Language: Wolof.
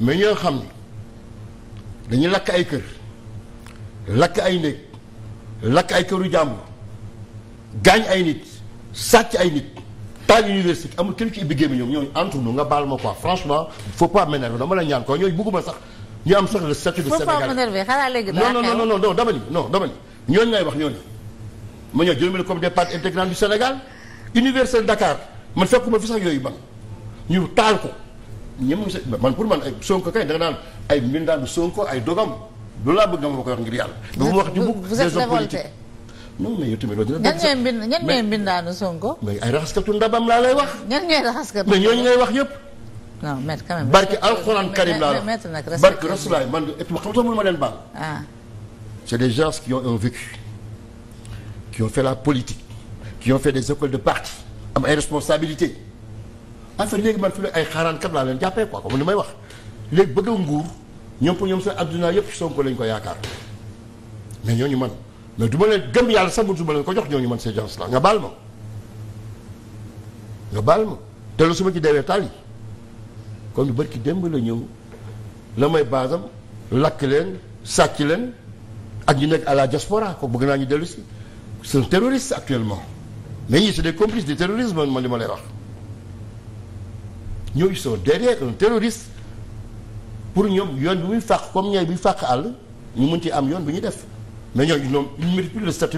mais ñoo xam ni dañuy lakk ay kër lakk ay néeg lakk ay këru jàmbur gaañ ay nit sàcc ay nit taal université amul kenn ci ibbi gémmi ñoom ñooñu entre nous nga baal ma quoi franchement faut pas m'énerver dama la ñaan quoi ñooñu bëgguma sax ñu am sax le statut de Sénégalais non non non non non dama ni non dama wax ñooñu ma ñëw jël comme des parties intégrantes du Sénégal université Dakar man fekkuma fi sax yooyu ban ñu taal ko ñemewuñu sa man pour man ay Sonko kay da nga naan ay mbindaanu Sonko ay dogam loolu laa bëgg nga ma ko wax ngir yàlla. dama wax ju bëgg des hommes politiques non mais yow tamit loolu dina. ñan ñooy mbind ñan ñooy mbindaanu Sonko. mais ay raxaskatu ndabam laa lay wax. ñan ñooy raxaskatu mais ñooñu ngay wax yëpp. non maître quand même. barke alxuraan karim laa la barke rasulaay man et puis xam nga mënu ma leen baal. ah. c'est des gens qui ont un vécu qui ont fait la politique qui ont fait des écoles de parti am ay responsabilités en fait léegi man fi ay xaaraankat laa leen jàppee quoi comme ni may wax léegi bëgg nguur ñoom pour ñoom seen adduna yëpp Sonko lañ ko yaakaar mais ñooñu man mais du ma leen gëm yàlla sax du ma leen ko jox ñooñu man ces gens là nga baal ma nga baal ma te lu ci deewee taal yi kon lu bërki ñëw la may baasam lakk leen sàcc leen ak ñi nekk à la diaspora ko bëgg naa ñu dellu si c'est un terroriste actuellement mais ñii c'est des complices du terrorisme man li ma lay wax ñoom ils sont de un terroriste pour ñoom yoon bi muy fàq comme ñooy bi fàq àll ñu mën ci am yoon bi ñu def mais ñooñu ñoom ils ne méritent le statut